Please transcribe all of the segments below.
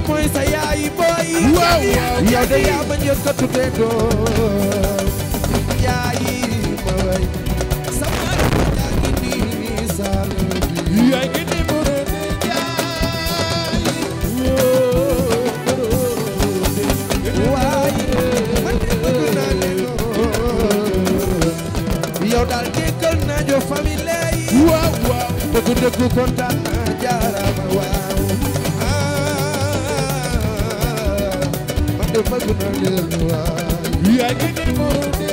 rek mooy sa yaay booy. waaw yow de yaa bañ a ko tuddee doom yaay booy. sama rëb yaa ngi nii saa lëb. yaa ngi nii mu rëb yaay. waaye man de bëgg naa leen waaw waaw. dëgg dëgg kontaan naa jaarama waay. bëgg na leen waay yaa ngi ne moom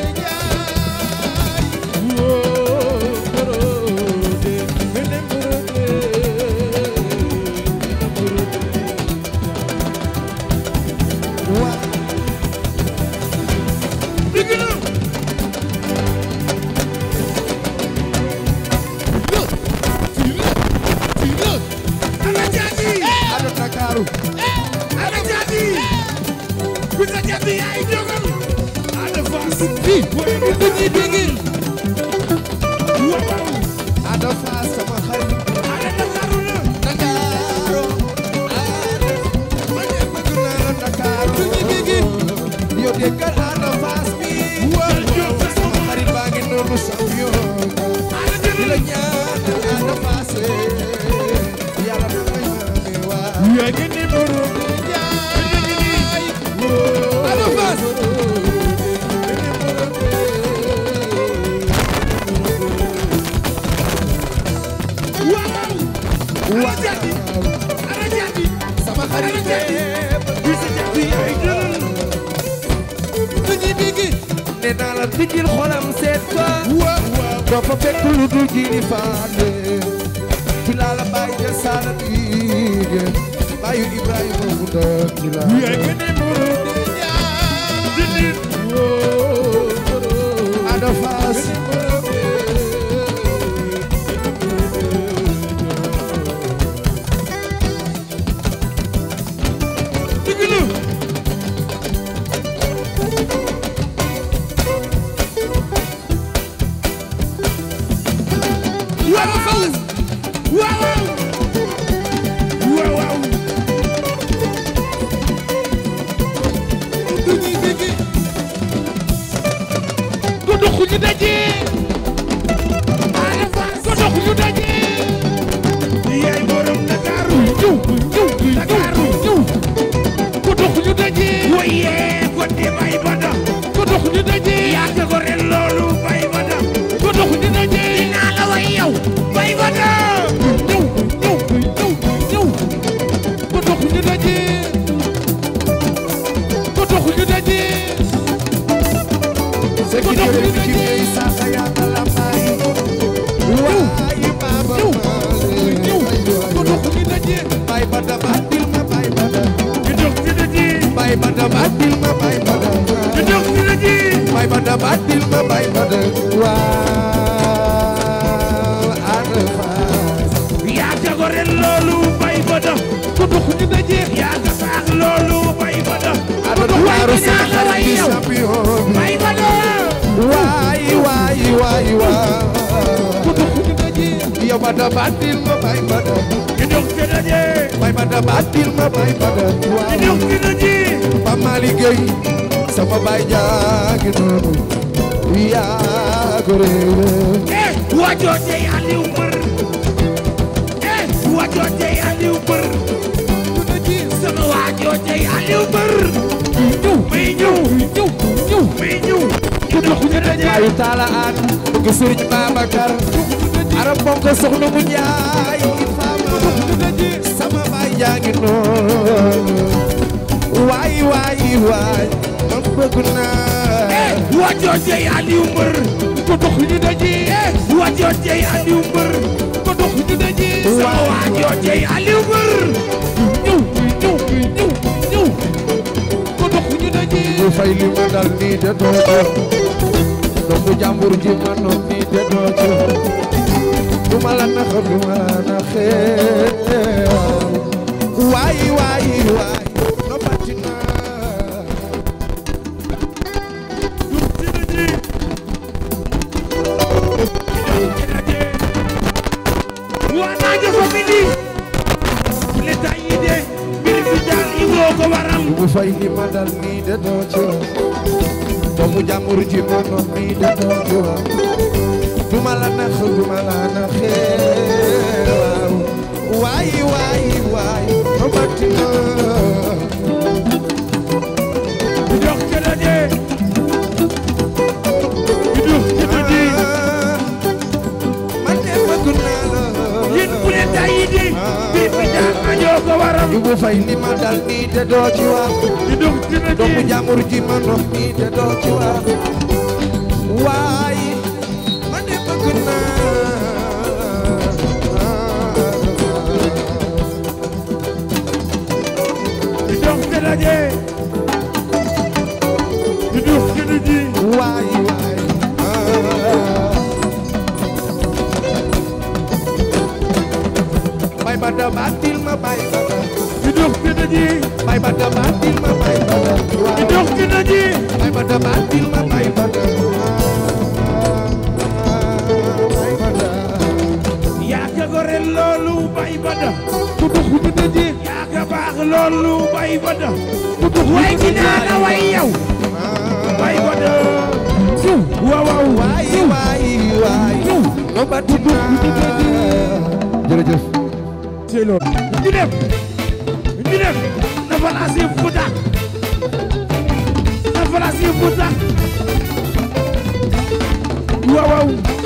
ma dal nii de doo jóg doomu jàmbur ji ma noon nii de doo jóg du ma la nax du ma la naxee waay waay waay noppati naa du sina ji waa naa jëfa mi di li tay yi de mbir fi daal i woo ko waral du fay li ma dal nii de doo jóg doomu jàmbur ji ma noon mi dama jowa duma la nax duma la naxee waaw waay waay waay ma battima waral Ibou Faye li ma dal nii te doo ci doomu jàmbur ma nopp nii te doo ci bada batil ma bay bada ñu dox ci dañi bay bada batil ma bay bada ñu dox ci dañi bay bada batil ma bay bada bay bada yaa ka gore loolu bay bada ku dox ci dañi yaa ka baax loolu bay bada ku dox way ci daana way yow bay bada waaw waaw waay waay waay no batina jërëjëf te loolu ñu dem ñu dem na fala si fuuta na fala si fuuta waaw waaw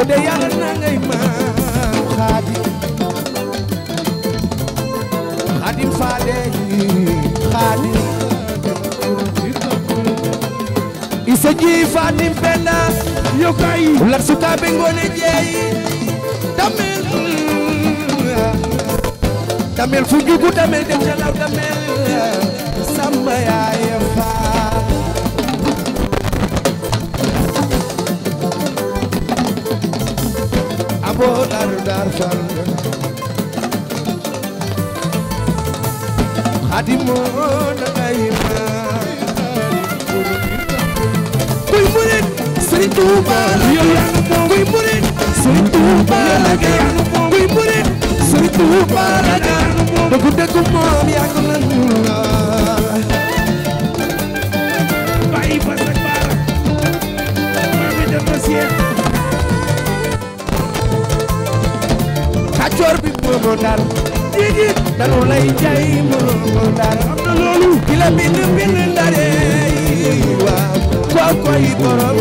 yow de yàlla na ngay maam xaadim xaadim faade xaadim isa ji fatim penda yo kay lar sukaabe ngoone jeey damel damel fu jugu damel dem ca law damel fo dar dar fal xadimo na ngay ma kuy murit Serigne Touba kuy murit Serigne Touba la ngay kuy murit Serigne Touba la ngay dëgg dëgg moom yàgg nañu la bàyyi ba sa baara maa ngi dem ba coor bi moomoo dara jigit danu lay jaay moomoo dara am na loolu ki la bind bind ndare waaw kookoy borom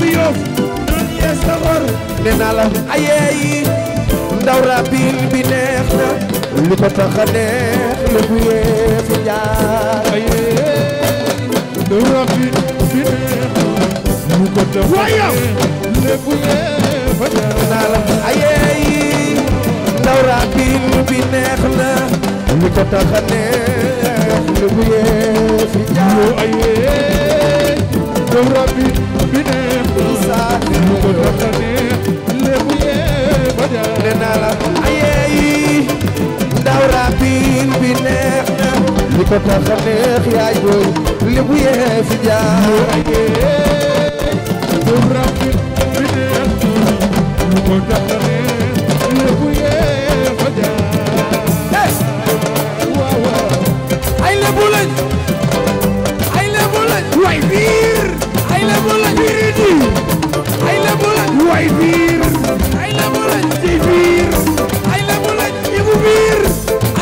bi yoof nun yees na war ne naa la ayeeyi ndaw rabil bi neex na lu ko tax a neex lu bu yeesu jaar ayeeyi ndaw rabil bi neex na lu ko tax a neex lu bu yeesu jaar naa la ayeeyi ndaw rabil bi neex na lu ko tax a neex lu bu yeesu jaar ayeeyi ko tax a neex yaay booy yee fi jaaye dum rabbi bi neex lu ko tax a neex li bu yee fa jaaye waaw waaw ay lebu lañ way biir ay lebo lañ biridi ay lebo lañ way biir ay lebo lañ ci biir ay lebo lañ yibu biir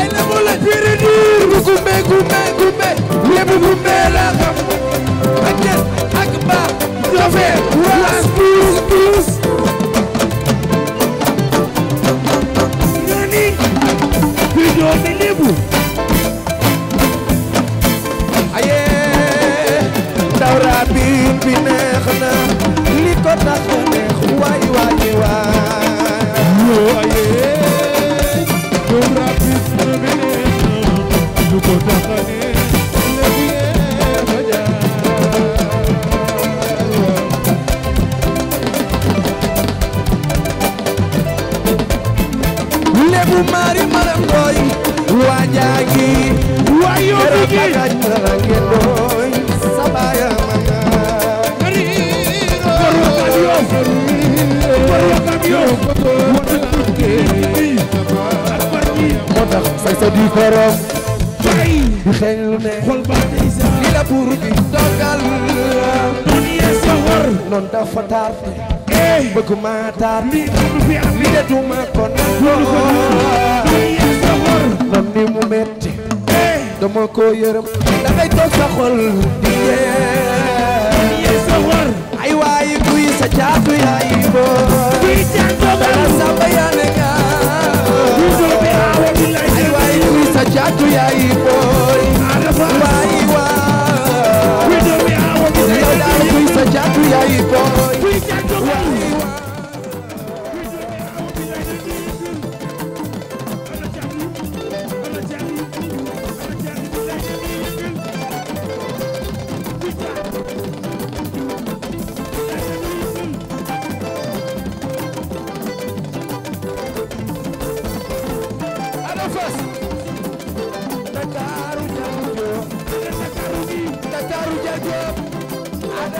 ay lebo lañ biridi bu gumbe gumbe gumbe yebu gumbe la xam ak ak ba sofe waas tuus tuus Say so deep, xëy lu ne xol ba tey sa la buur bi dogal noon yee dafa taar fi bëgguma taar li du fi am ni mu metti dama ko yërëm dangay toog sa xol di yee sa war ay waay kuy sa caatu yaay boo kuy caatu dara sa bayaane nga caatu yaay booy waay waay yow daal kuy sa caatu yaay booy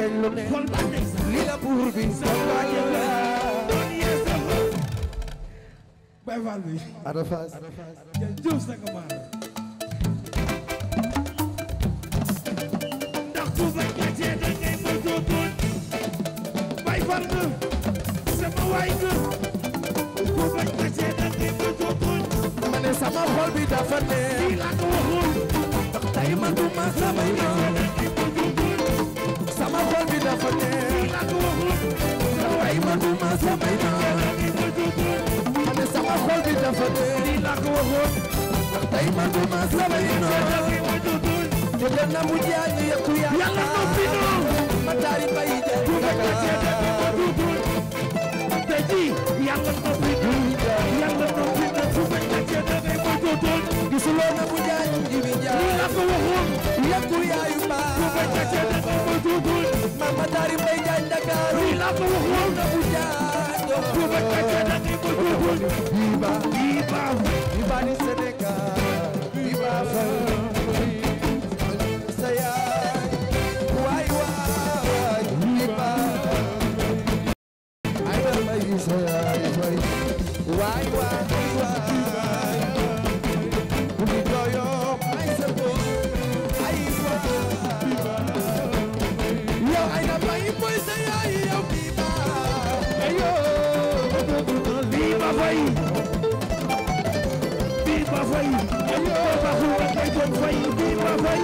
xeeñ lu ne lii la buur bi bay faal bi Ada Fass jëf sa nga du ma sa may naa ma bi dafa dee lii laa ko waxoon ndax tey ma du ma sa may naa te dana mu yëkku yaa yàlla no bindoo ma du ma ca cee dem ma duudul te du ma na mu jaay ñu jibi jaay yëkku yaayu baa Mama Dari Mbay Njaay Ndakaaru la ko bu jaajo bu ba kaka na ni ko jubul viva viva viva ni Sénégal viva fay ay doom fay bii ma fay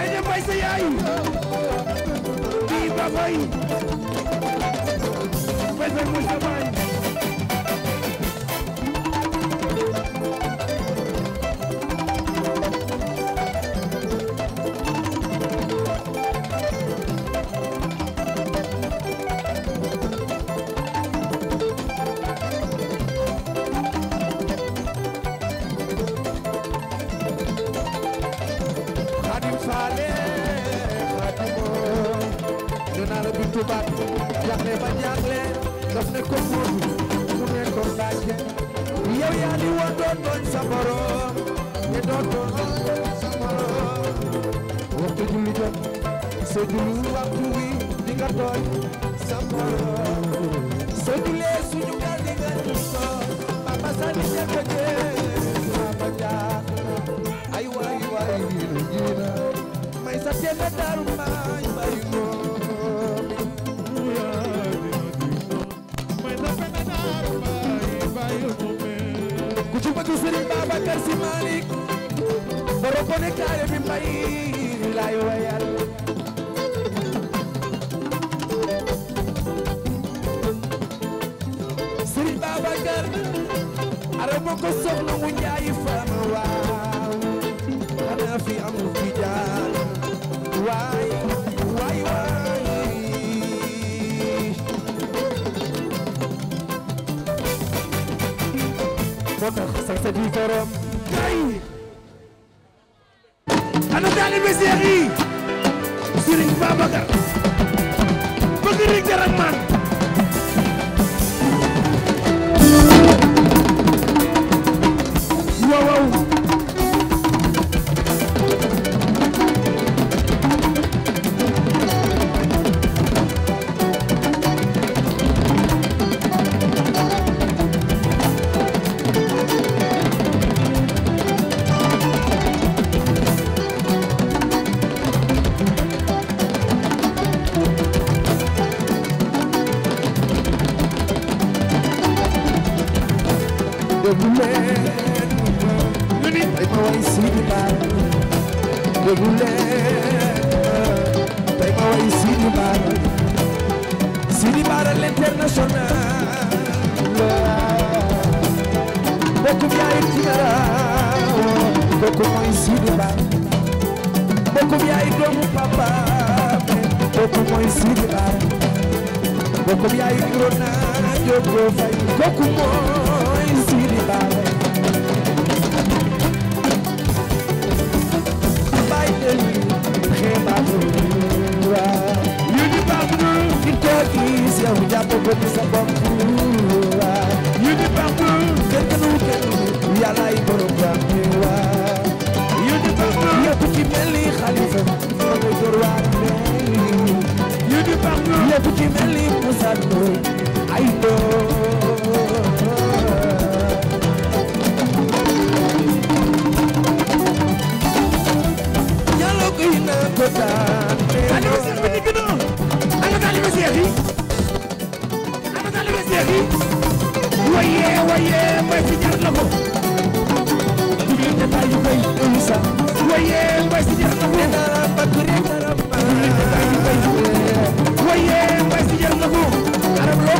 ay dem bay sa yaay bii ma fay bay bay mu sa bay tubaab jaaxle ba jaaxle daf ne ko buur mu ne ko mbàkke yow yaa di woon tooñ sa borom te doon tooñ sa borom waxtu julli jot soo julli waxtu wi di sa borom soo jullee suñu gaal di nga so papa sa ni jàkka jee ay waay waay may sa teel a daaru bëgg Serigne Babacar Sy Malick borom ko ne kaare bi mbay lay wayal Serigne Babacar ara ma ko soxna faama waaw xanaa fi amul fi sax sa di forom kay Oye,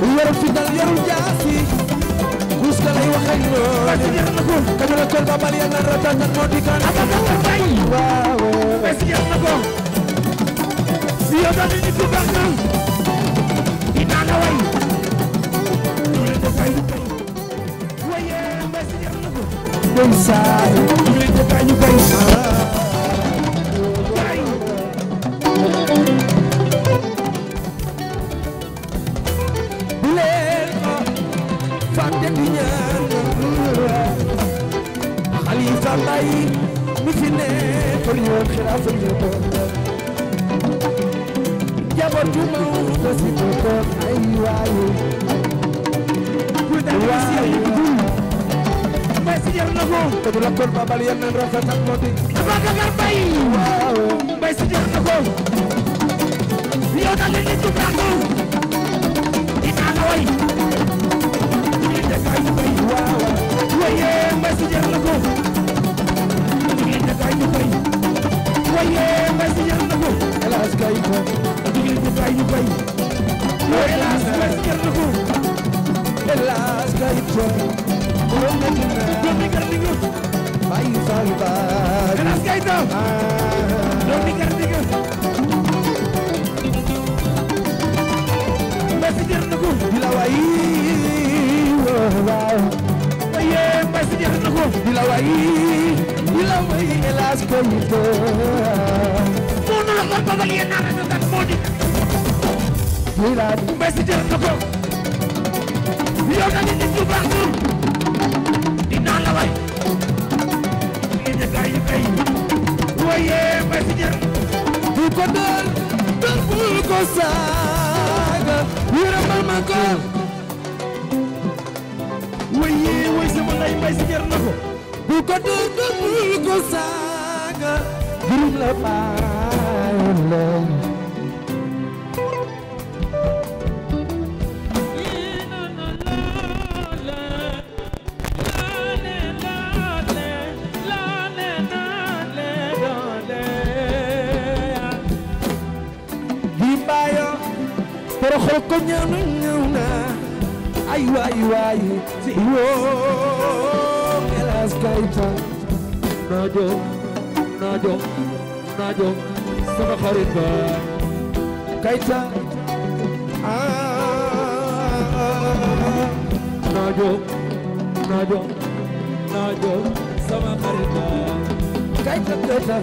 bu yor fital yorul jaasi kus ka lay waxee noonu kañu la kol babal ya na ratatan moo di kan aba ka war bay waaw bes yar na ko si yow dañu ñu tubaab nan dinaa la way loolu ko fay waye bes yar na ko dem saa ñu ko fay bàyyi mi fi ne pour ñoom xilaafa njaboot njabootu Mawdo si bokkoon ay waaye ku dem si mbay si jar na ko te du la kon babal yeneen rafet ak moo di dafa dagar bay waaw mbay si jar na ko yow da leen di tudd ko dinaa la way ñu def ay bay waaw waaye mbay si jar na ko ñu bay waaye may si yar na ko hélas kay ko jigéen ñi bay ñu bay yo hélas may si yar na ko hélas kay ko borom na dina doom ni gar digg bay faalu baay hélas kay to doom ni gar digg may si yar na ko bila waay waaw bay si jeexal na ko di la way di la way hélas Koyité moo nu la ko babal yéen naa rajo kat moo di di la bay si jeexal na ko yow da nit ñu baax tur dinaa la way di jëkkër yu kay waye bay si jeexal bu ko dal dal bul ko saaga yërëmal ma ko waye say mbay si jar na ko bu ko dégg bul ko saaga jurum la baayoon lay ko ñaanu ñëw na ay waay waay si woo sayta naajo naajo naajo sama xarit ba kayta aa naajo naajo naajo sama xarit ba kayta kayta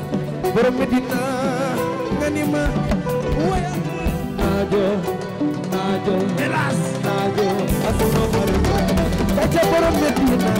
borom Medina nga ni ma waya naajo naajo hélas naajo asuma xarit ca borom Medina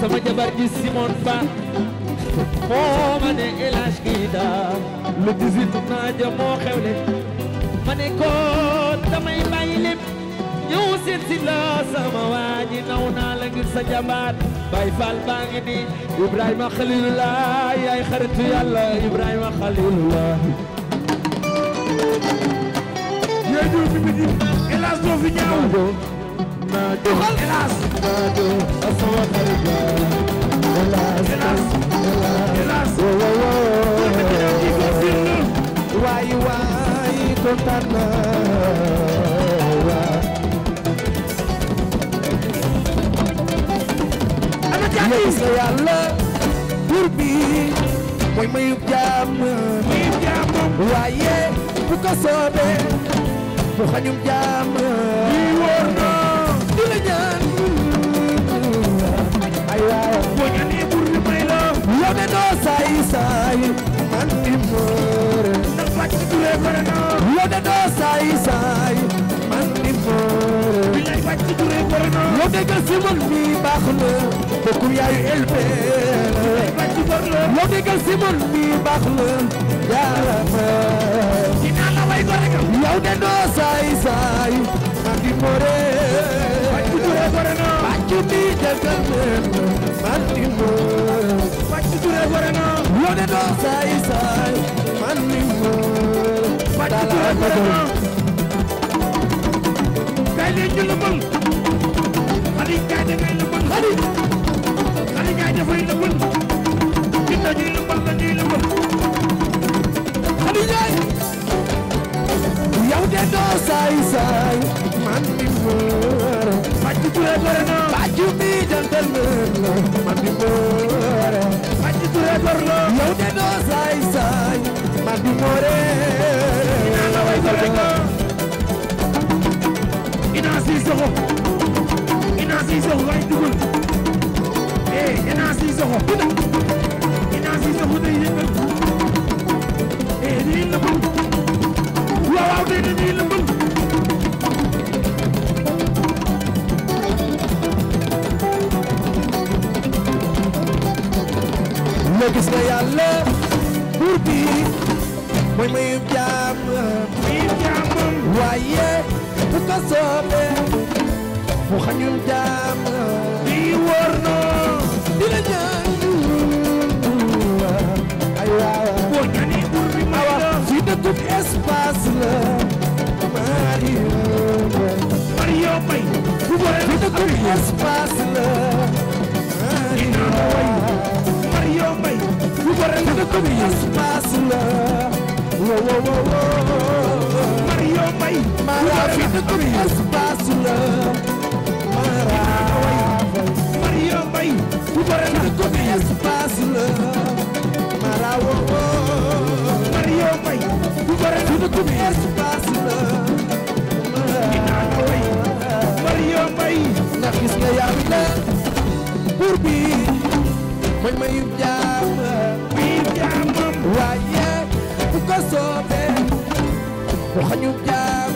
sama jabar ji Simon Ba moo ma ne El Hadj lu disit naa ja moo xewle ma ne ko damay bàyyi lépp ñëw si la sama waa ji naw naa la ngir sa jàmbaar Baye baa ngi di Ibrahima Khalilullah yaay xaritu yàlla Ibrahima Khalilullah yéen ñëw fi mu ji El Hadj doo fi ñaaw نادو خلاص نادو اصوات الرجال خلاص خلاص خلاص واي واي كنتنا انا جاي يا الله قربي mooy mayu jàmm mayu jàmm waaye bu ko soobee mu xañum jàmm wañani burni may la yone no say say man dimore na faj dure korona yone no say say man dimore bi lay faj dure korona yo degal si man man mi baax na de no say say man dimore faj jimi defal leen man ni mo fàcc ture warana lo de do say say man ni mo fàcc ture warana kay leen ñu lëmbal xali kay de ngay lëmbal xali xali kay dafay lëmbal kita ñuy lëmbal la ñuy lëmbal xali jaay yow de do say say man ni Bàjj Ture góor na bàjj mi jantal mën la man di moore Bàjj Ture góor la yow de doo saay saay man di moore ina la way góor na ina si soxo ina si soxo way dugul eh ina si soxo ina si soxo day yëngal eh ni lëmbal waaw waaw day ni lëmbal gis nga yàlla buur bi mooy mayub jàmm mayub jàmm waaye bu ko soobee mu xañul jàmm bi wóor na dina ñaanu ay waaw boo ñaani buur bi may la fi dëkkub espace la Mario Mario Bay fi dëkkub espace la Mario bay fu ko rey nga ko yi pass la wo wo wo wo Mario bay mara fi nga ko yi pass la mara Mario bay fu ko rey nga ko yi pass la mara wo wo Mario na gis nga yaa la mooy mayu jaam mayu jaam waaye bu ko soobee mu xañu jaam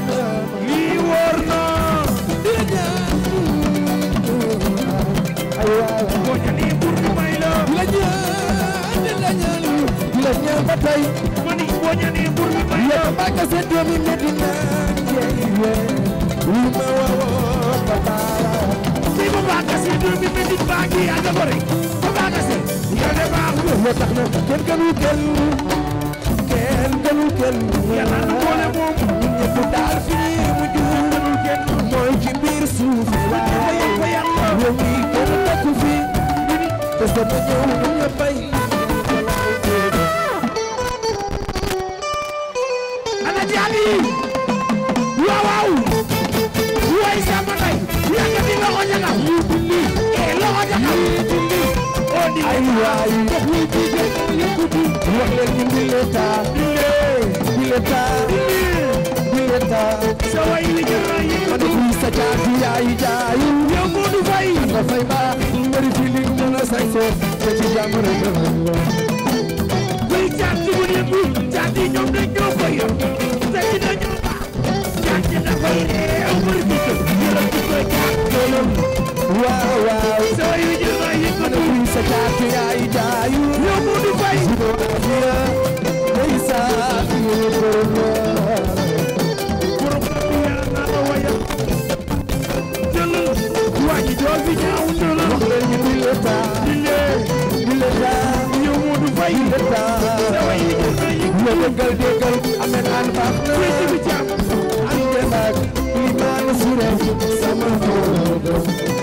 lii wóor na dina ay waaw ko ñani bur ñu may la la ñaan la ñaan la ñaan ba tey mani ko ñani bur ñu may la ba ka seen doomi Medina yeeye lu ma wawoo ba taala si bu ba ka seen doomi Medina ba ngi àgg ko rek ba ka ne baaxul moo tax na kenn gënu kenn kenn gënu kenn na boole moom ñun ñëpp daal fi mu jur gënul kenn mooy ci biir suuf waaye yow mii kenn takku fi te sama ñëw ñu ñëpp bay di ay waay dox wi di jël yëkkati wax leen ñu ngi l'état di l'état di l'état sa way wi jël na yëkkati ma dox wi sa caati yaay jaay yow moo du fay nga fay baax bëri fi li mu la sañ soo te ci jàmm rek la buy caat di bu lépp caat yi ñoom dañ ñoo ko yor te dina ñoo baax caat yi dafay réew bëri fi jël yëlam ci koy caat waaw waaw sa way wi bi sa càkk yaay jaayu yow mu di fay moo afiya day saat yee borom la borom la bi yaa naa la waya jëlal waa ji joo fi ñaaw na la wax leen ñu di la taa di lee di la taa yow mu di fay di la taa da way yi gën na yi la déggal déggal ameen an baax na wéy ci bi jàpp an jëmbaak li maa la suree sama borom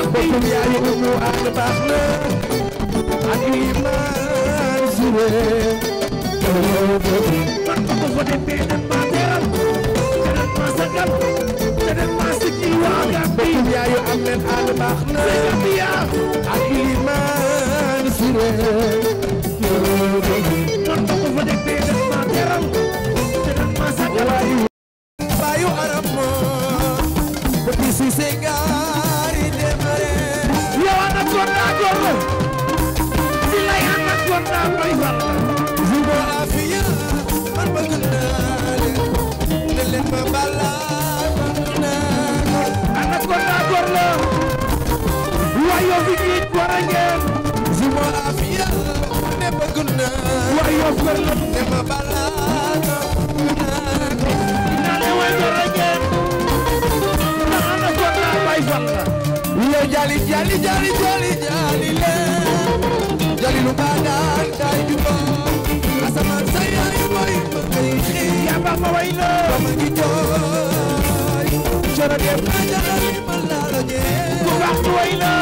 boppam yaayu umu ànd baax na ak imaan sure man ma ko voté mais dañ maa teral te dañ maa sagal te dañ maa sigil waa Gàmbi boppam yaayu am leen ànd baax na ak imaan sure man ma ko voté mais dañ maa teral te dañ maa sagal jali jali jali le jali lu badan kay juba asaman saya ni boy berkiri ya bang mawai lo bang gijoy cara dia belajar dari melalonya ku waktu wai lo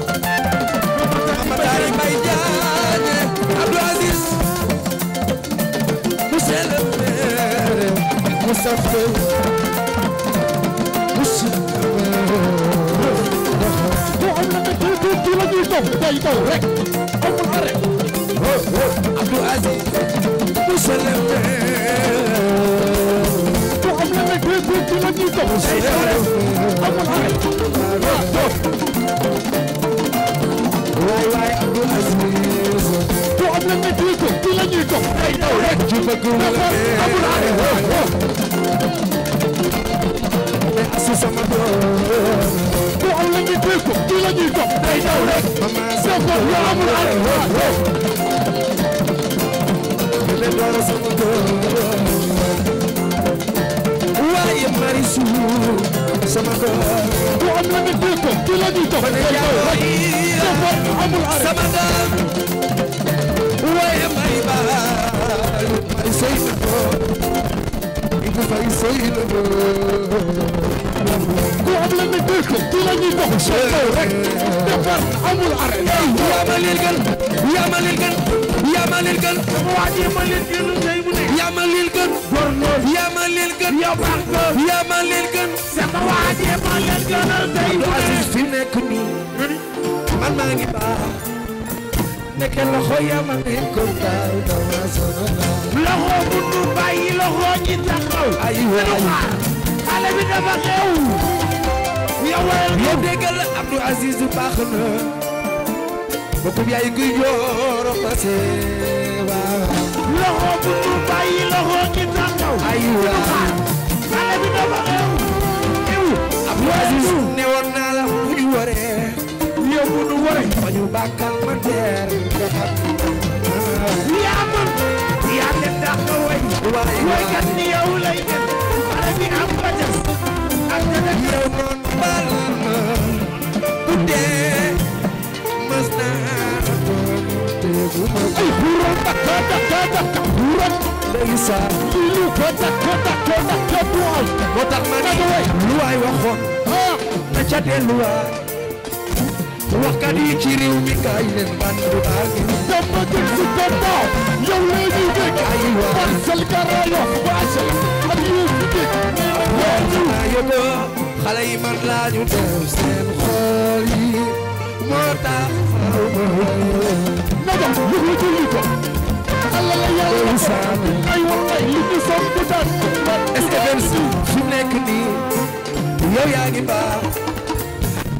Abul Aziz si sama doom bu am la ñuy kuy ko kii la ñuy ko day daw rek sa bopp yoo amul ànd waaye Marichou sama doom bu am la ñuy kuy ko kii la ñuy ko day daw rek sa bopp yoo amul ànd waaye Marichou fay Seydou Ba. ku am la nit dégg ko tuur la ñuy dox soo rek defar amul arrêt. yaa ma leen gën yaa ma leen gën yaa ma leen gën. waa ji ma leen gën tey mu ne. yaa ma leen gën. yaa ma leen gën. yow baax nga. yaa ma leen gën. sama waa ji ma leen gënal tey mu ne. fi nekk nii man maa ngi baax. ndeke loxo yama neen ko daaw dama sonona loxo bu du bàyyi loxo ñi taxaw ay waay xale bi dafa xew yow wayal ko déggal Abdou Aziz baax na bokkub yaay guy jooro passé waaw loxo bu du bàyyi loxo ñi taxaw ay waay xale bi dafa xew ew Abdou Aziz ne woon naa la bu ñu waree yow bu ñu waree ñu bàkkal ma teer yaa man yaa def dàq ko way waykat ni yow lay def pare bi am ma ku dee mas naa teguma ay buuram dakka ma ne lu waay waxkat yi ci réew mi kaay leen bandu ak dama gën si dama yow lay ñu dégg ay parcelle garayo waasal ak yéen ñu dégg waaw laaye ko yow yaa ngi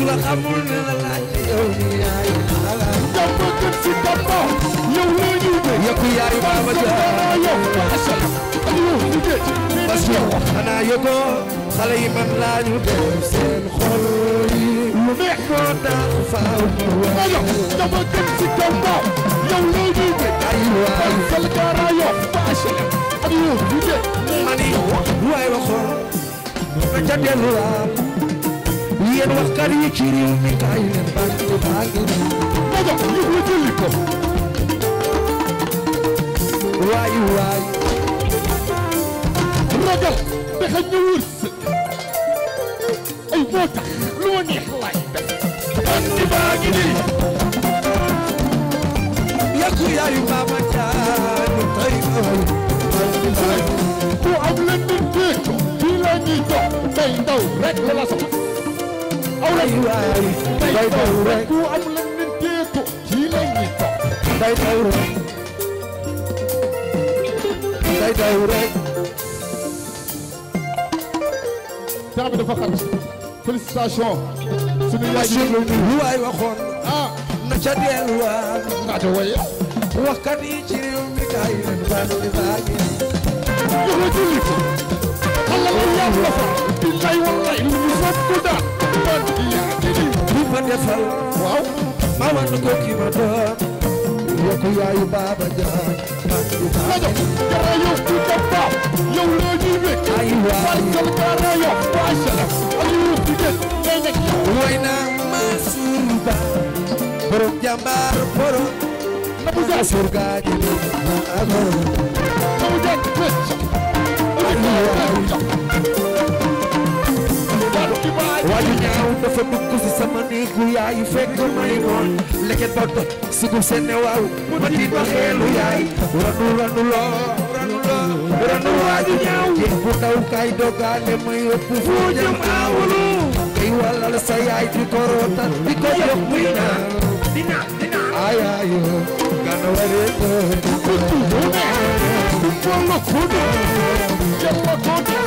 su la xamul ne la laaj yow yaay dama gën ci dama yow loo ñu de yokku yaay baba ja yow parce que xanaa yëgoo xale yi man laa ñu def seen xol yi lu neex moo tax faaw yow dama gën ci dama yow loo ñu de ay waay sel gara yow parce que ak yow ñu de mani waay waxoon ca dellu laa yéen waxkat yi ci réew mi kaay leen bànq bànq booba ñu ngi julli ko waay waay ragal pexe ñu wërs ay moo tax lu ma neex laay bànq baa ngi nii yàqu yaayu maama jaanu tey ay ku am leen di dégg fii la ñuy dox tey ndaw rek la soxla day daw rek ku am la nit teetu ci la ñi topp day daw rek day daw rek temps bi dafa xat félicitations sunu yaay ji lu waay waxoon ah na ca delluwaat nga ca waye waxkat yi ci réew mi kaay leen baal di baagi joxe julli ko xalal yàlla fa billaay wallaay lu ñu sopp ku daan doon lu ma defal waaw ma wan ko ki ma doon yokku yaayu baaba jaan man du ma jox dara yow ku dabba yow loo ñuy wékk ay waay fal sal dara yow maasala aliyu ku jël day nekk way naa Mansour Ba borom jàmbaar borom Abou Dia surgaaji li ma amoon Abou Dia waaju ñaaw dafa dugg ci sama néegu yaay fekk may noon leket ba doj sugub seen ne di ba xeelu ranu ranu loo ranu waaju ñaaw jéeg bu ndaw kay wàllal sa yaay di ko di ko jox gana waree ko kuntu bu ne kumbo la kudu jalla kudu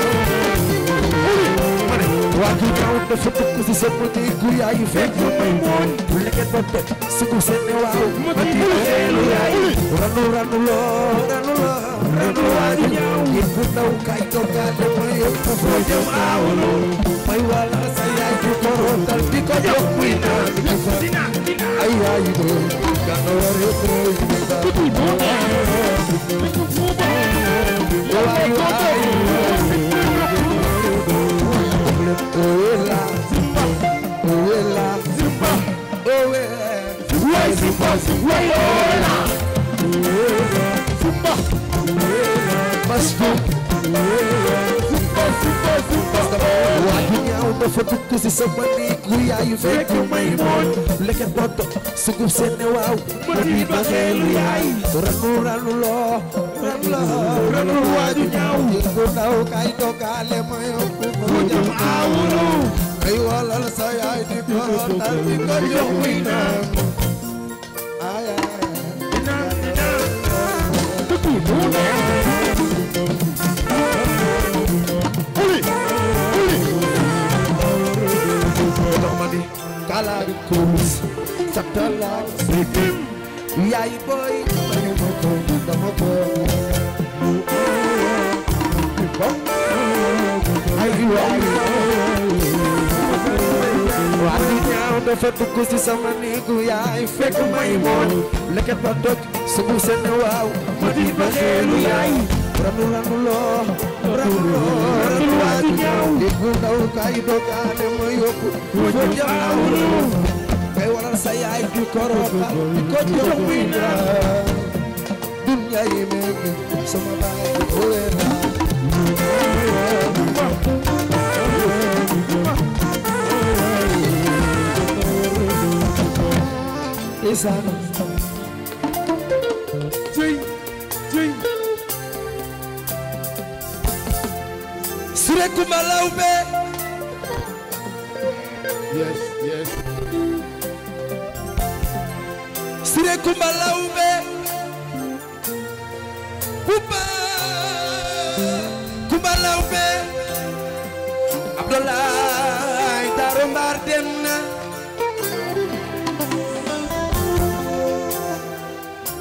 waa ji ñëw dafa dugg si sa bët yi gu yaa bu leget ba si ku seen ne waaw ma di leelu yaay ranu ranu loo ranu loo ranu waa ji ñëw ngir bu ndaw kaay toog gaa dama yëg ko ko jox muy naan di ko fa ay yaay de gànna war a tëj di ba waay waay Owela Simba Owela Simba Owela Wey Simba Simba Owela Owela Simba Owela Masbu Owela Simba Simba Simba Wadinha uma foto que se samba Nikuya e vem com uma irmão Leque boto, sugu senewau Mani bagelu yai Rangu ranuló rab la rabul waaju ñaaw ku daw kay dogaale ma yokku ko ku jam aawulu kay walal sa yaay di ko rotal di ko jox muy naan kalaari kuus sa talaak si kim yaay boy mayu ma ko dama bëgg ay waay waa di ñaaw dafa dugg ci sama néegu yaay fekk may moon leket ba doj subu seen waaw ma di ba xeelu yaay ranu ranu loo ranu loo ranu waa di ñaaw déggu ndaw kaay dogaane ma yóbbu ma jaaw kay waral sa yaay di ko roba di ko jox muy naa ngay mege sama baay owe naa Isana Jëy jëy Sure kumalawbe Yes yes Sure kumalawbe Abdoulaye Darou Mbar dem na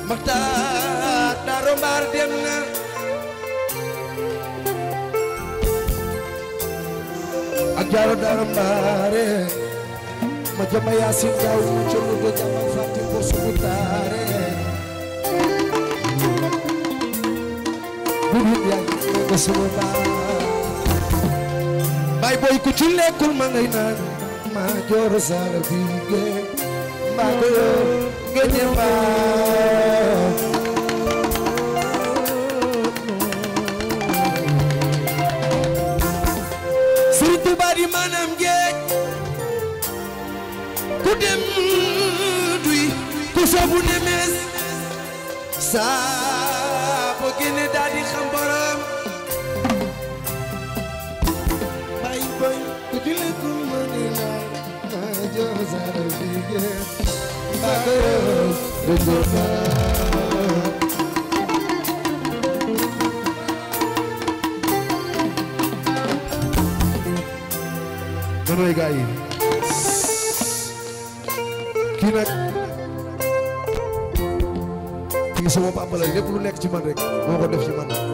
Makhtar Darou Mbar dem na ak Jaaro Darou Mbar ma jama Yaasin Jaw colu do jama taare bu bi yaa ko sugu waaye booy ku ci lekkul ma ngay naan joor saala bi ge mbaa ko yor géje mbaa di manam géej ku dem duy ku soobu nemes saa boo génne daal di xam damay gaa yi kii nag kii sama papa la lépp lu nekk ci man rek moo ko def ci man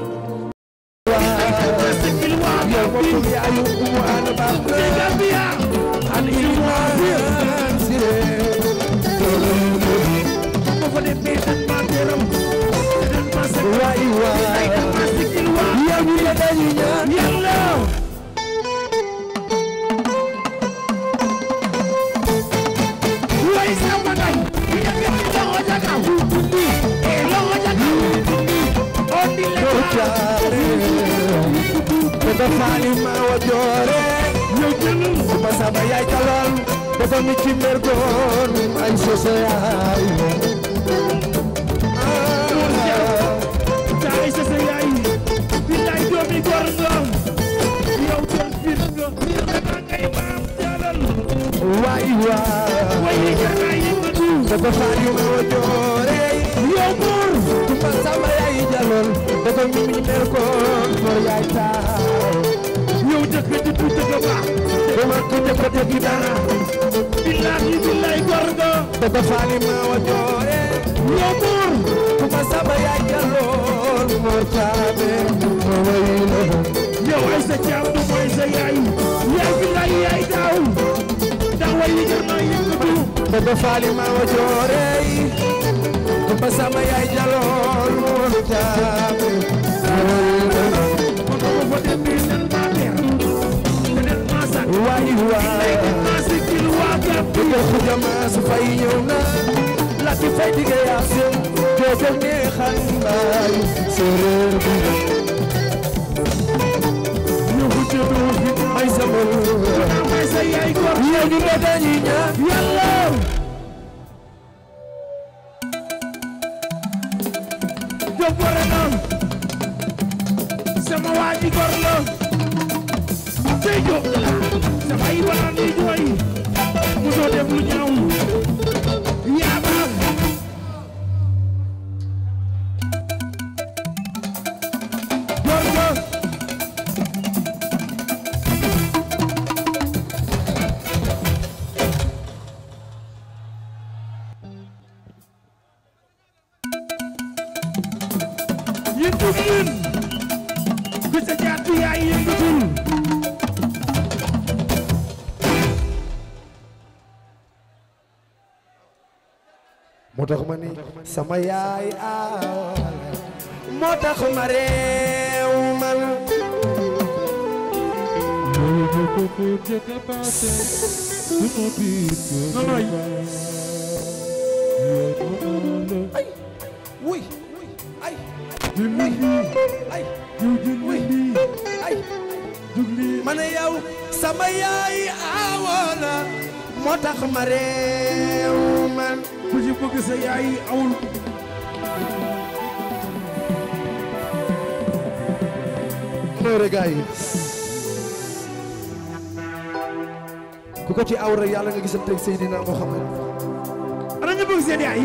ko neexal mbaay séeréer bi ñu juddu ay sa bol ay sa yaay ko ñu ne dañuy ñaan yàlla sama yaay aaw moo tax ma réew man ay wuy ay ay wuy ay ma ne yow sama yaay aaw la moo tax ma réew mel ku ci bëgg sa yaay awul noore ku ko ci aw rek yàlla nga gisante ak Seydina Muhammad ana ñu bëgg seen yaay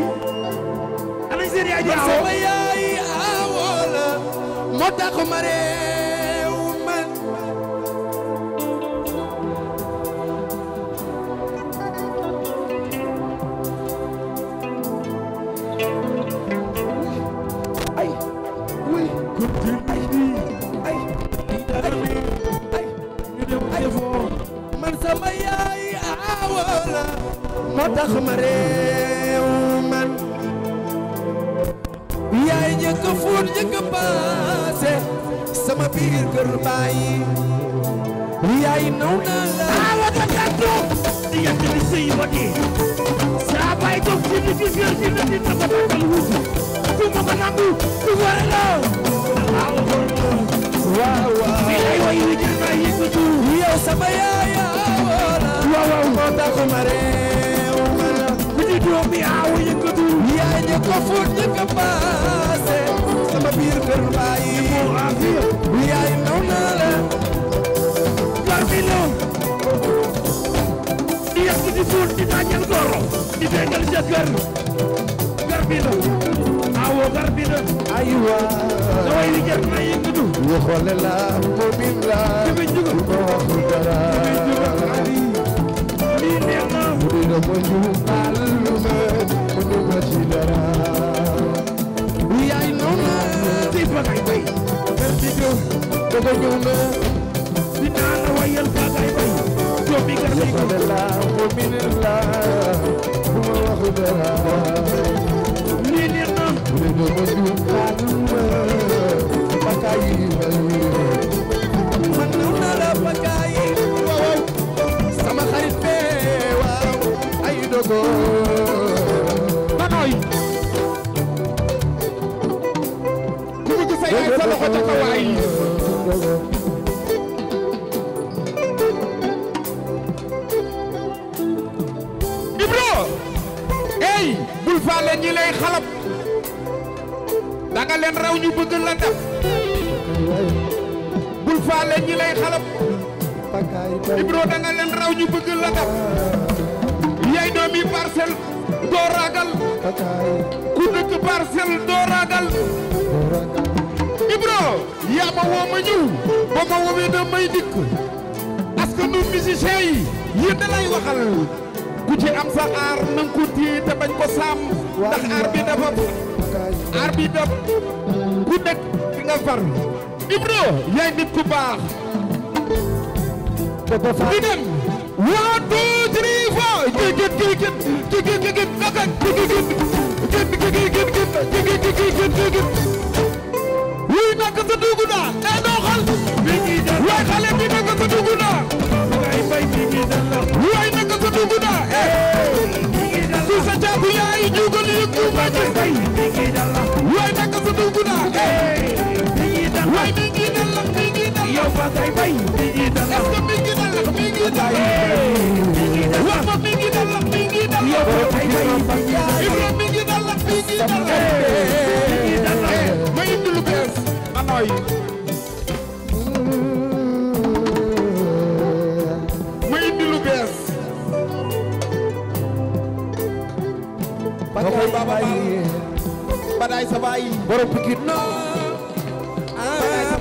ana seen yaay di awo moo tax ma sama yaay awa la moo tax ma réew man yaay njëkk fuut njëkk paase sama biir kër bàyyi yaay naw na la awa ta gàddu di yàgg li sëy ba dee saa bàyyi toog ci nit yi biir ci nit yi dafa tàggal wuutu du ma ko nangu du gore la awa waaw waaw mi lay wayu jërmaa yëngatu yow sama yaay waaw moo tax ma réew ma la ku ci doomi aaw yëngatu yaa njëkk a fóot njëkk a paase sama biir kër bàyyi yaay naw naa la parmi nous di yàq di fóot di tàngal goro di tegal jëkkër garbi la awo garbi la aywa daway li jar na yëngatu waxoon la la ko bi la man na la dogo manoy ey bul faale ñi lay leen raw ñu bëgg la def bul faale ñi leen raw ñu bëgg la def doo ragal ku dëkk parcelle doo ragal yaa ma woo ma ñëw ba ma woowee da may dikk askanu musicien yi yéen da waxal ku ci am sa aar na nga bañ ko saam ndax aar bi dafa aar bi daf ku nekk nga far Ibro yaay nit ku baax di One, two, three, four. Wuy nak sa dugg naa. Ee doxal. Waay xale bi nak sa dugg naa. Waay sa dugg naa. caabu yaay jugal yëkku ma ci. Waay nak sa dugg naa. Ee. Waay yow Fatou ma indi lu bees. anoy. ma indi lu bees. Badaay Baba Baal Badaay Sabaay borom Pikine.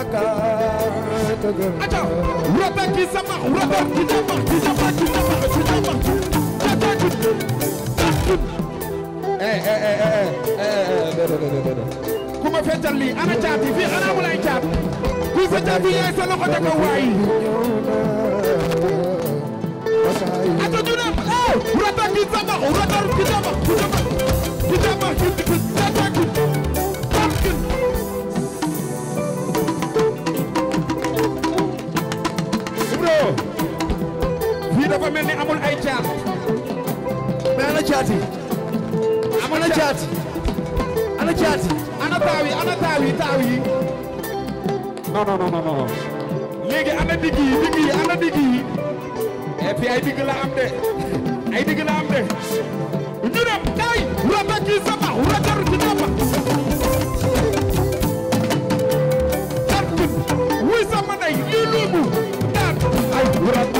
Acha roba ki sama roba ki sama ki sama ki sama ki sama Acha ki Eh eh eh eh eh déedéet déedéet déedéet Ku ma feccal lii ana caat yi fii xanaa mu lay caat Ku feccal fii yaay sa loxo teg ko waay Acha ñu ne eh roba ki sama roba ki sama ki sama ki sama dafa mel ni amul ay caat. mais ana caati. amul ana caati. ana taaw ana taaw yi taaw yi. non ana digg yi ana digg yi. Eh, ay digg am de. ay digg la am de. ñu dem kay. rëbb ak kii sama ay rëbb.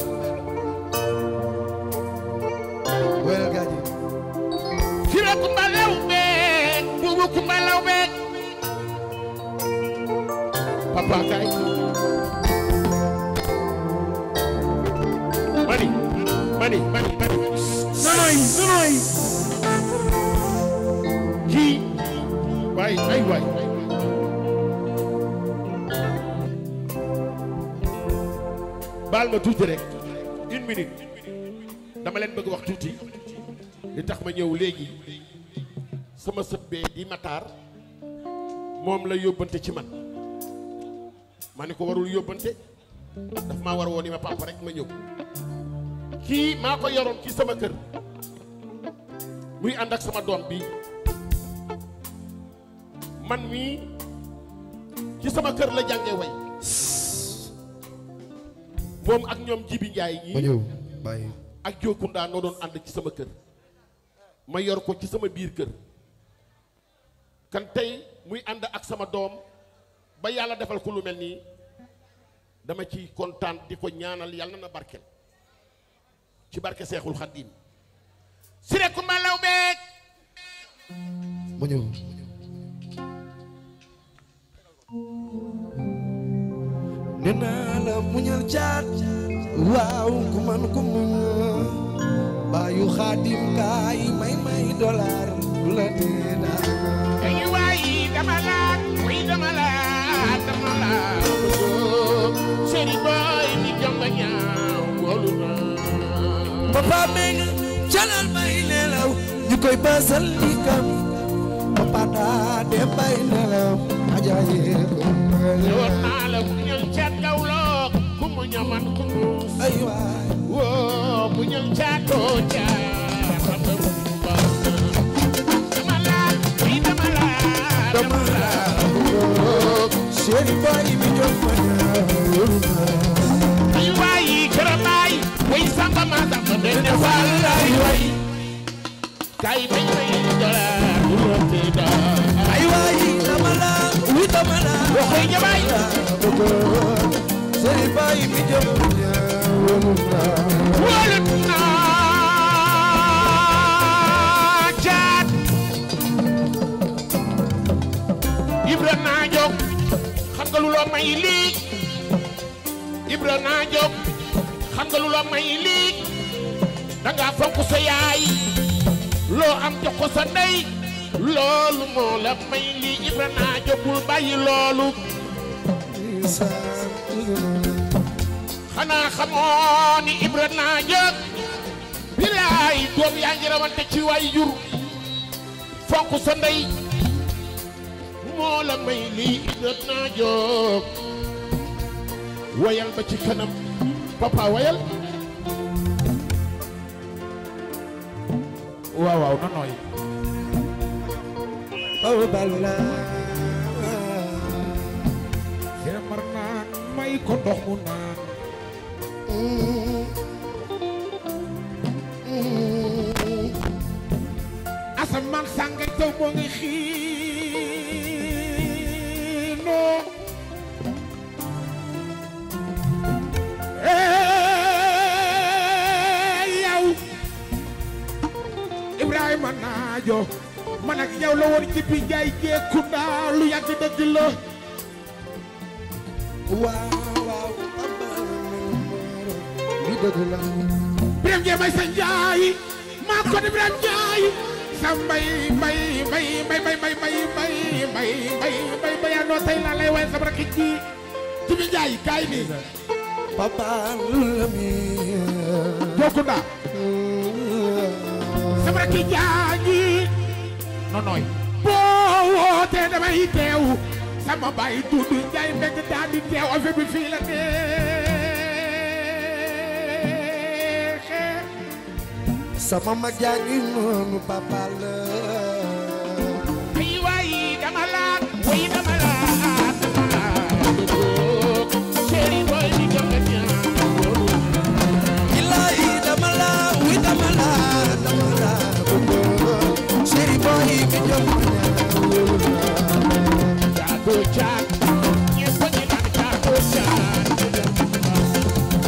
kaay mani mani mani mani nonoy nonoy kii waay ay waay baal ma tuuti rek une minute dama leen bëgg wax tuuti li tax ma ñëw léegi sama sëb bee di Matar moom la yóbbante ci man ma ne ko warul yóbbante daf maa war woon ni ma papa rek ma ñëw kii maa ko yoroon ci sama kër muy ànd ak sama doom bi man mii ci sama kër la jànge way moom ak ñoom Jibi Njaay ñii ak Jokunda noo doon ànd ci sama kër ma yor ko ci sama biir kër kan tey muy ànd ak sama doom ba yàlla defal ku lu mel nii dama ci kontaan di ko ñaanal yàlla na barkel ci barke seexul xaddiim Siré Kumba Lawbeek mu ñëw la muñal jaat waaw ku man ku muñ baayu xaadim kaay may may dollar la tee daal waay dama laaj waay dama laaj papa meng jalal bay nelaw ñu koy basal li kam papa daa dem bay nelaw ajaye ko yoon naa la bu ñëw ca gawloo ku mu ñaman ku mu ay waay woo bu ñëw ca doo ca xam na ma laal bi dama laal dama laal seen baay bi jóg ma daawul ma. ay waayi këram ay. way samba ma samba benn wàll ay waay. kay bañ ma yéen dollar. bu rëdd daa. ay waayi tamala. wi tamala. waxuy ñabaay. seen baay bi jóg ma daawul ma. wóolut naa jaat. Ibra naa jóg. nga lu la may lii Ibra naa jóg xam nga lu la may lii danga fonk sa yaay loo am jox ko sa ndey loolu moo la may lii Ibra naa jóg bul loolu xanaa xamoo Ibra naa jóg bilaay doom yaa ngi ci waay jur fonk sa ndey moo la may lii wayal ba ci kanam papa wayal waaw waaw na nooy aw balla xemar naan may ko ndox mu naan mm-hmm. asamaan taw moo ngi aajo man a yow la woon ci bi njaay jeekunda lu yàgg dëgg la waaw waaw may sa njaay maa ko di Birame Ndiaye sa mbay mbay mbay mbay mbay mbay mbay mbay mbay mbay mbay mbay yaa noo tey laa lay waaye ji ci bi njaay kaay nii papa Lamin jeekunda sama rakk jaañ nonoy boo wootee damay teew sama baay duudu njaay mbeg daa di teew affaire bi fii la neexee sama mag yaa ngi noonu papa la ay waay dama laat way dama laat dama laat chéri boy Jato jato, ñëpp a ngi naan jato jato, ñëpp a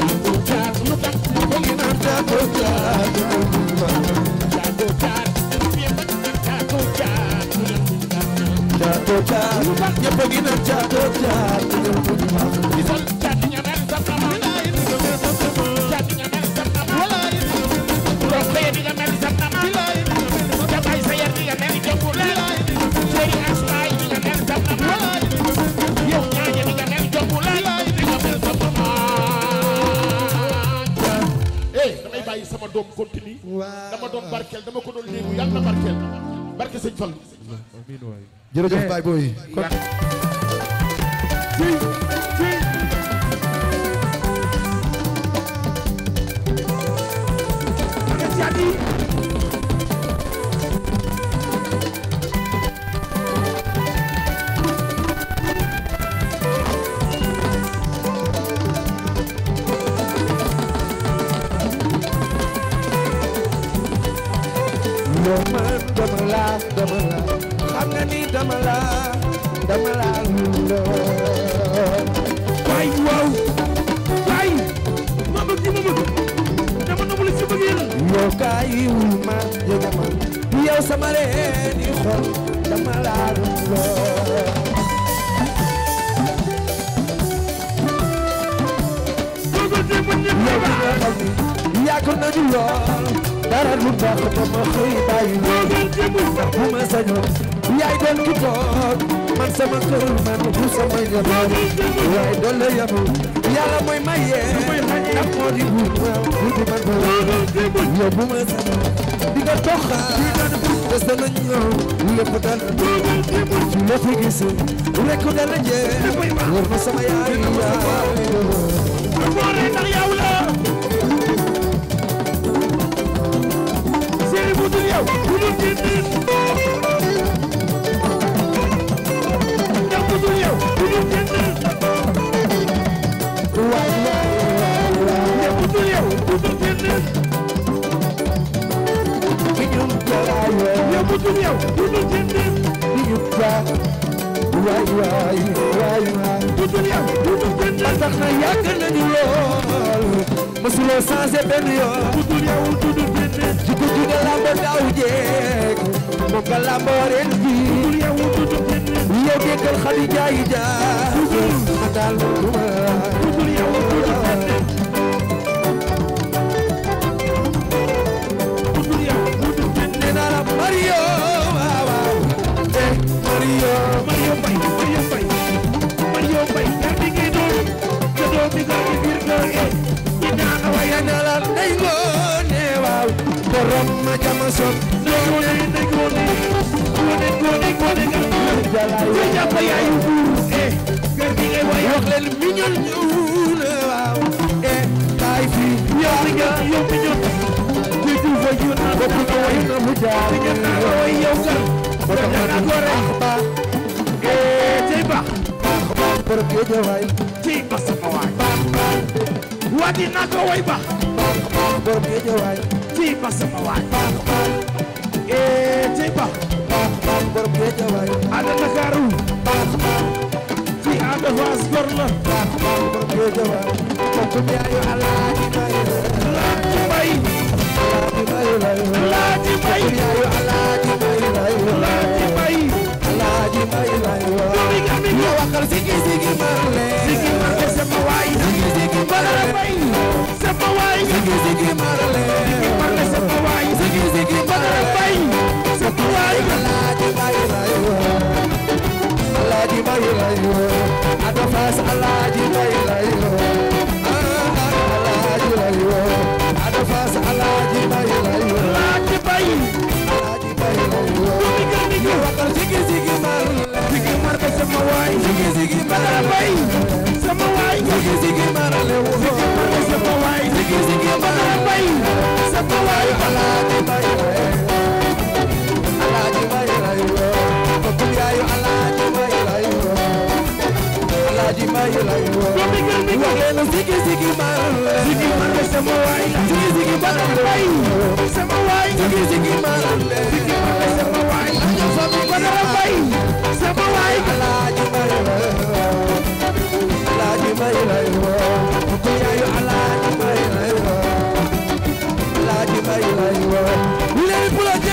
ngi naan jato jato. doom continue dama doon barkeel dama ko doon léegi yàlla na barkeel barke sëñ Fall jërëjëf baay booy loo mën dama la dama la xam nga ni dama la dama la loo waay waaw waay ma bëgg ma bëgg dama nobul ci bëggeel yoo kaay wul ma jege ma yow sama reen yi xol dama la loo yàgg nañu lool dara du baax te ma xëy bàyyi bu a sañoon yaay doon ki toog man sama kër man bu sama njaboot waaye doon la yabu yàlla mooy maye ak moo di bu bu di man ko yow bu ma sañoon di nga toxaat des dana ñëw lépp dana ci lépp gis rekk dana jeex war ma sama yaay yaay keneen bu dul yow bu dul ci nit ndax bu dul yow bu dul ci nit waaye bu dul yow bu dul ci nit ki ñu ko yow bu dul yow bu dul ci nit waay waay waay waay tuuti yàlla tuuti gën la tax na yàgg nañu lool mësuloo changé benn yoon tuuti yàlla tuuti gën la jikko ju daaw jeeg moom nga làmbo ren bi tuuti yàlla tuuti gën la yow déggal Xadija yi jaar ma daal ma ma jama sopp doone ne gone gone gone gone gone jàpp yaayu buur eh kër gi ngay way wax leen miñol ñuul waaw eh kaay fii yaar nga yow miñol di duufa yu naa bopp na way na mu jaar miñol naa la way yow nga bopp na ko rek eh tey baax baax baax për géej waay tey baax sama waay baax baax wadi naa ko way baax baax baax për géej waay tiiba sama waay ee tiiba borom géej waay ana Ndakaaru fii ana faas gor la borom géej waay kooku yaayu Alaaji Mbay Alaaji Mbay Alaaji Mbay yaayu Alaaji Mbay Alaaji Mbay Alaaji Mbay waay waxal sigi sigi Marley sigi Marley sama waay sigi sigi Marley sapa waay zigi zigi marale marale sapa waay zigi zigi marale bay sapa waay alaaji bay ray wo alaaji bay ray wo ada fas alaaji bay ray wo alaaji ray wo ada fas alaaji bay ray wo alaaji bay alaaji bay ray wo zigi zigi marale zigi marale sama waay zigi zigi mara bay sama waay zigi zigi mara lew sama waay zigi zigi mara bay sama waay alaaji bay alaaji bay rayuwa bokkul yaayu alaaji bay rayuwa alaaji bay rayuwa waxee na zigi zigi mara zigi mara sama waay zigi zigi mara bay sama waay zigi zigi mara zigi mara sama waay sama waay alaaji mari la alaaji mari la ko yaayu alaaji mari la alaaji mari la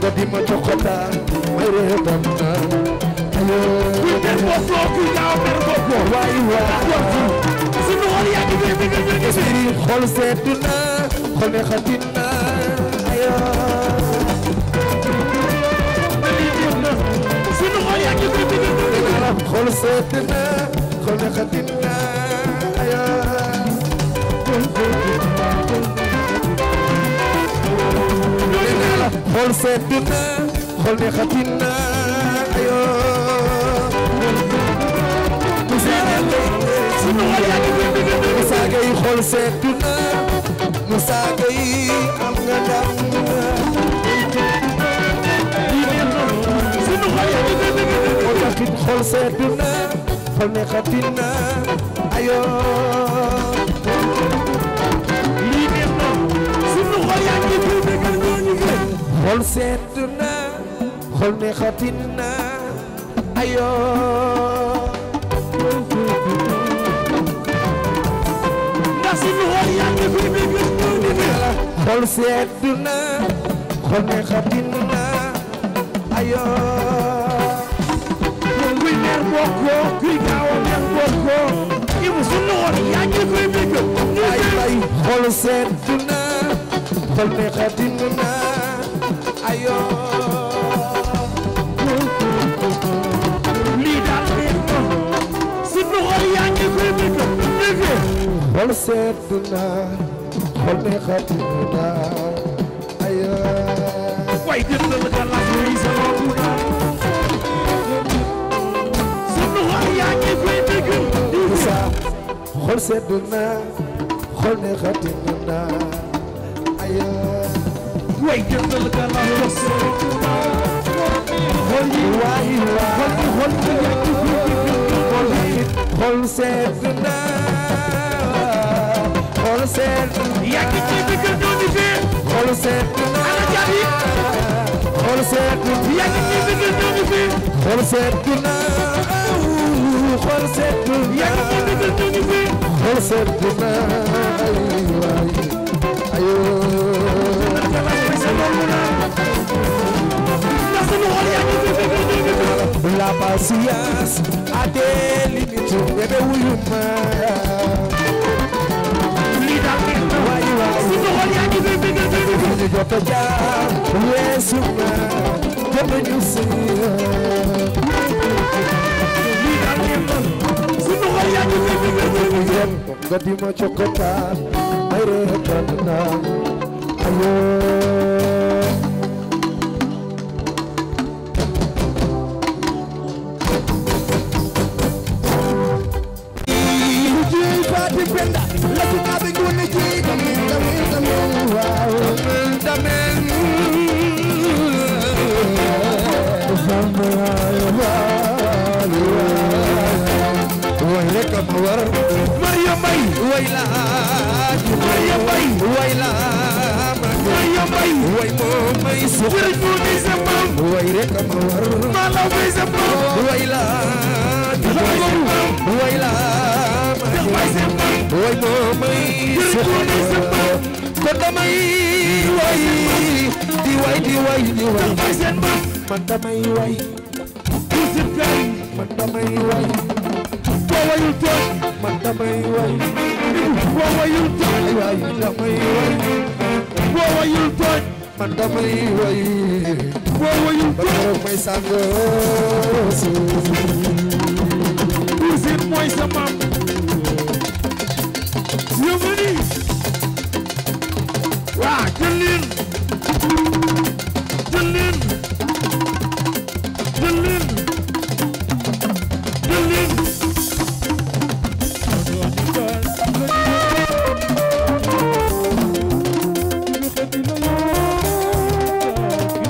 قديمة قطع مريضا كنتر بوكو كنتر بوكو واي واي سنو غالي يا كبير بيجر بيجر سيري خل سيدنا خل خطينا ايوه سنو غالي يا كبير بيجر بيجر خل سيدنا خل خطينا ايوه xol sedd na xol ne xatin na ayoo Moussa Gueye Moussa Gueye xol sedd na Moussa Gueye am nga ndam xol sedd na xol ne xatin na ayoo xol sedd na xol ne xatin na ayoo ndax suñu xol yaa ngi koy béykat ñëw di ne la xol sedd ne xatin na ayoo kuy mer bokkoo kuy gaaw a mer bokkoo yow suñu xol yaa ngi koy béykat ñu ngi koy xol sedd na xol ne xatin na xol seet na xol ne xati na ayo way gën na la la yi sama buda sunu xol yaa ngi fay dëgg xol seet na xol ne xati na way jëndal nga la wax xool yi waay xool yi xool yi yaa ci xool yi xool seet na xool seet yaa ngi ci bi gën ñoo di fee xool seet na ana jaar yi xool seet yaa ngi ci bi gën ñoo di fee xool seet na La patience a des limites bébé wuyu ma li da ngeen waay waay si doxal yaa ngi fi bëgg bëgg ñu jot a jaar weesu ma jot a ñu si li da ngeen si doxal yaa ngi fi bëgg bëgg ñu jot nga di ma cokkata ay reetaan naa ayoo wayla waya bay wayla waya bay way moom may su jëriñ mu di sa maam way rek ma war ma la way sa maam wayla wayla way moom may su jëriñ mu di sa maam ko damay way di way di way di way man damay way man damay way ko wayul toog man damay way boo wayul tooñ yaay damay way boo wayul tooñ man damay way boo wayul tooñ may sang suuf usine mooy sa maam yow ma nii